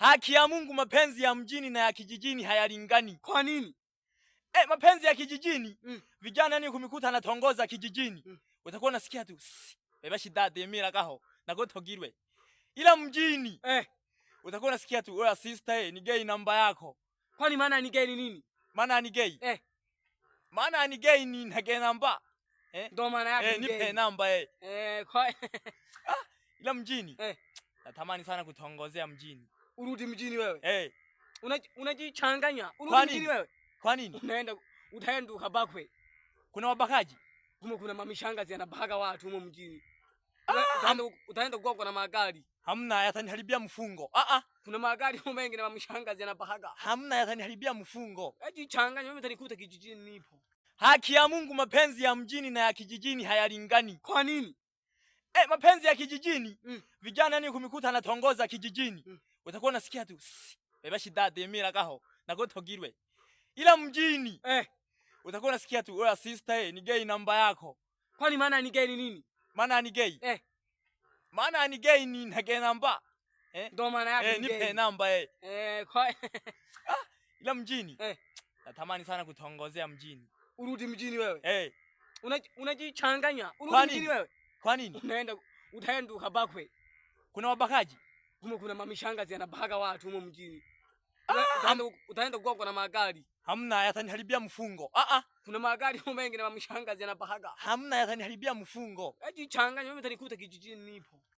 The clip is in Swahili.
Haki ya Mungu, mapenzi ya mjini na ya kijijini hayalingani. Kwa nini? Eh, mapenzi ya kijijini mm. Vijana yani kumikuta anatongoza kijijini mm. Utakuwa unasikia tu beba shida demira eh, kaho na nagotogirwe, ila mjini eh, utakuwa unasikia tu wewe sister, eh, ni gay namba yako. Kwani maana ni gay ni nini? Maana ni gay eh, maana ni gay ni na gay namba eh, ndo maana yake eh, nipe namba eh eh kwa ah, ila mjini eh, natamani sana kutongozea mjini urudi mjini wewe. Eh. Hey. Unajichanganya. Una urudi mjini wewe. Kwa nini? Unaenda utaenda ukabakwe. Kuna wabakaji. Kuma kuna mamishangazi anabaka watu humo mjini. Ah, utaenda utaenda kwa kuna magari. Hamna yataniharibia mfungo. Ah ah. Kuna magari huko mengi na mamishangazi anabaka. Hamna yataniharibia mfungo. Ajichanganya eh, mimi utanikuta kijijini nipo. Haki ya Mungu, mapenzi ya mjini na ya kijijini hayalingani. Kwa nini? Eh, mapenzi ya kijijini mm. Vijana yani kumikuta anatongoza kijijini mm utakuwa unasikia tu beba shidade mira kaho nako togirwe, ila mjini eh, utakuwa unasikia tu wewe sister, eh ni gay namba yako. Kwani maana ni gay ni nini? Maana ni gay eh, maana ni gay ni na gay namba eh, ndo maana yake eh, nipe namba eh eh kwa ah, ila mjini eh, natamani sana kutongozea mjini. Urudi mjini wewe eh, unajichanganya una urudi mjini wewe. Kwa nini unaenda utaenda ukabakwe? Kuna wabakaji Humo kuna mamishangazi anabaga watu humo mjini. Ah! Utaenda utaenda kwa kuna magari. Hamna yataniharibia mfungo. Ah ah, kuna magari humo mengi na mamishangazi anabaga. Hamna yataniharibia mfungo. Eti changanya mimi utanikuta kijijini nipo.